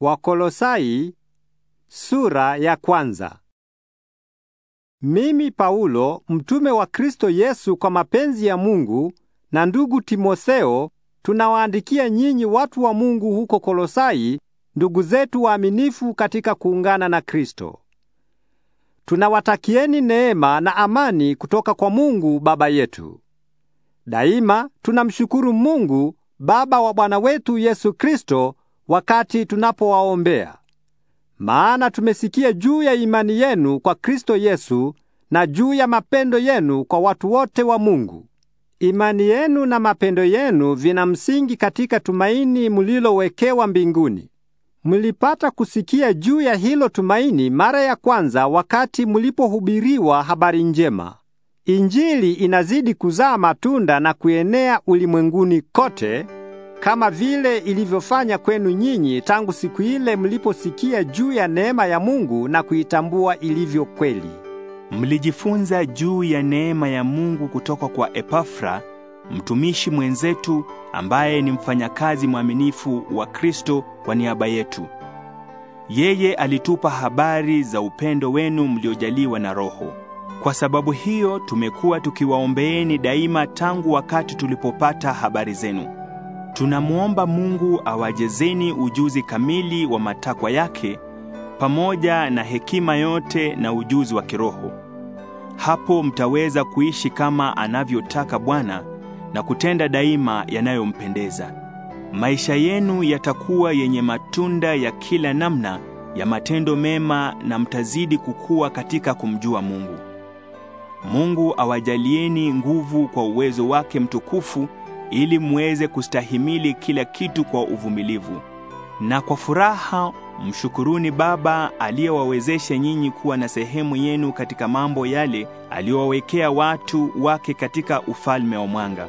Wakolosai sura ya kwanza. Mimi Paulo mtume wa Kristo Yesu kwa mapenzi ya Mungu na ndugu Timotheo tunawaandikia nyinyi watu wa Mungu huko Kolosai ndugu zetu waaminifu katika kuungana na Kristo. Tunawatakieni neema na amani kutoka kwa Mungu Baba yetu. Daima tunamshukuru Mungu Baba wa Bwana wetu Yesu Kristo wakati tunapowaombea, maana tumesikia juu ya imani yenu kwa Kristo Yesu na juu ya mapendo yenu kwa watu wote wa Mungu. Imani yenu na mapendo yenu vina msingi katika tumaini mlilowekewa mbinguni. Mlipata kusikia juu ya hilo tumaini mara ya kwanza wakati mlipohubiriwa habari njema. Injili inazidi kuzaa matunda na kuenea ulimwenguni kote kama vile ilivyofanya kwenu nyinyi tangu siku ile mliposikia juu ya neema ya Mungu na kuitambua ilivyo kweli. Mlijifunza juu ya neema ya Mungu kutoka kwa Epafra, mtumishi mwenzetu ambaye ni mfanyakazi mwaminifu wa Kristo kwa niaba yetu. Yeye alitupa habari za upendo wenu mliojaliwa na Roho. Kwa sababu hiyo tumekuwa tukiwaombeeni daima tangu wakati tulipopata habari zenu tunamwomba Mungu awajezeni ujuzi kamili wa matakwa yake pamoja na hekima yote na ujuzi wa kiroho. Hapo mtaweza kuishi kama anavyotaka Bwana na kutenda daima yanayompendeza. Maisha yenu yatakuwa yenye matunda ya kila namna ya matendo mema na mtazidi kukua katika kumjua Mungu. Mungu awajalieni nguvu kwa uwezo wake mtukufu ili mweze kustahimili kila kitu kwa uvumilivu. Na kwa furaha mshukuruni Baba aliyewawezesha nyinyi kuwa na sehemu yenu katika mambo yale aliyowawekea watu wake katika ufalme wa mwanga.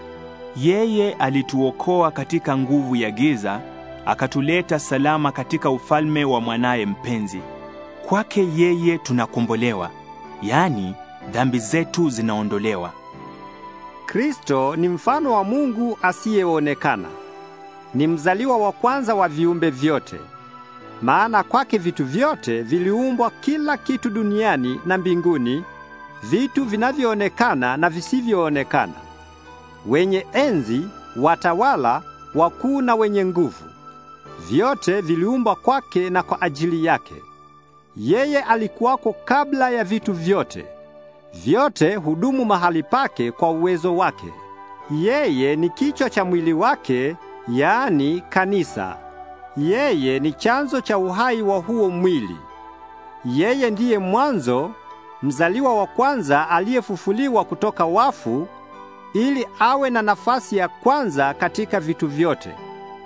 Yeye alituokoa katika nguvu ya giza, akatuleta salama katika ufalme wa mwanaye mpenzi. Kwake yeye tunakombolewa, yaani dhambi zetu zinaondolewa. Kristo ni mfano wa Mungu asiyeonekana. Ni mzaliwa wa kwanza wa viumbe vyote. Maana kwake vitu vyote viliumbwa, kila kitu duniani na mbinguni, vitu vinavyoonekana na visivyoonekana, wenye enzi, watawala, wakuu na wenye nguvu. Vyote viliumbwa kwake na kwa ajili yake. Yeye alikuwako kabla ya vitu vyote. Vyote hudumu mahali pake kwa uwezo wake. Yeye ni kichwa cha mwili wake, yaani kanisa. Yeye ni chanzo cha uhai wa huo mwili. Yeye ndiye mwanzo, mzaliwa wa kwanza aliyefufuliwa kutoka wafu, ili awe na nafasi ya kwanza katika vitu vyote.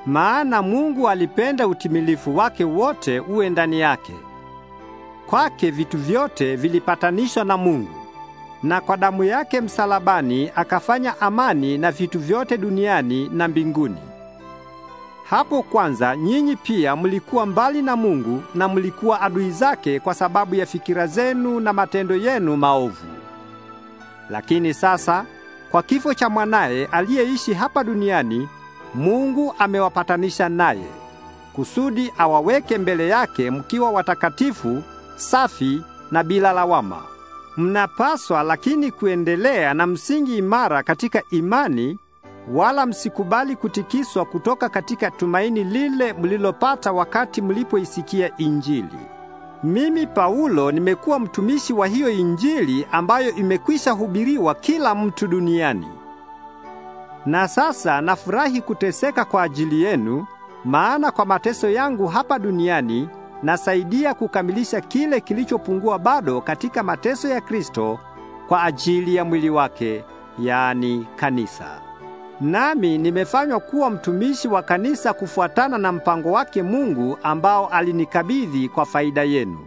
Maana Mungu alipenda utimilifu wake wote uwe ndani yake. Kwake vitu vyote vilipatanishwa na Mungu na kwa damu yake msalabani akafanya amani na vitu vyote duniani na mbinguni. Hapo kwanza nyinyi pia mlikuwa mbali na Mungu na mlikuwa adui zake kwa sababu ya fikira zenu na matendo yenu maovu. Lakini sasa kwa kifo cha mwanaye aliyeishi hapa duniani, Mungu amewapatanisha naye kusudi awaweke mbele yake mkiwa watakatifu, safi na bila lawama. Mnapaswa lakini kuendelea na msingi imara katika imani, wala msikubali kutikiswa kutoka katika tumaini lile mlilopata wakati mlipoisikia Injili. Mimi Paulo nimekuwa mtumishi wa hiyo Injili ambayo imekwisha hubiriwa kila mtu duniani. Na sasa nafurahi kuteseka kwa ajili yenu, maana kwa mateso yangu hapa duniani nasaidia kukamilisha kile kilichopungua bado katika mateso ya Kristo kwa ajili ya mwili wake, yaani kanisa. Nami nimefanywa kuwa mtumishi wa kanisa kufuatana na mpango wake Mungu ambao alinikabidhi kwa faida yenu.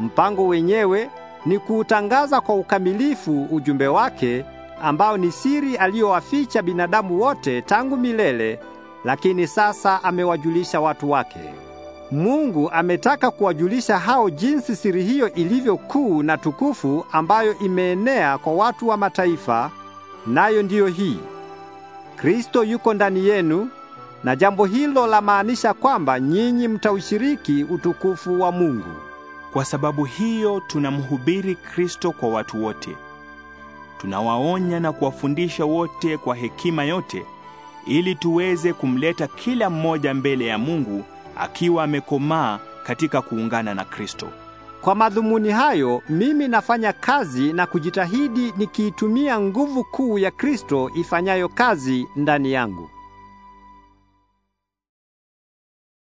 Mpango wenyewe ni kuutangaza kwa ukamilifu ujumbe wake ambao ni siri aliyowaficha binadamu wote tangu milele, lakini sasa amewajulisha watu wake. Mungu ametaka kuwajulisha hao jinsi siri hiyo ilivyo kuu na tukufu ambayo imeenea kwa watu wa mataifa, nayo ndiyo hii. Kristo yuko ndani yenu na jambo hilo lamaanisha kwamba nyinyi mtaushiriki utukufu wa Mungu. Kwa sababu hiyo tunamhubiri Kristo kwa watu wote. Tunawaonya na kuwafundisha wote kwa hekima yote ili tuweze kumleta kila mmoja mbele ya Mungu akiwa amekomaa katika kuungana na Kristo. Kwa madhumuni hayo, mimi nafanya kazi na kujitahidi nikiitumia nguvu kuu ya Kristo ifanyayo kazi ndani yangu.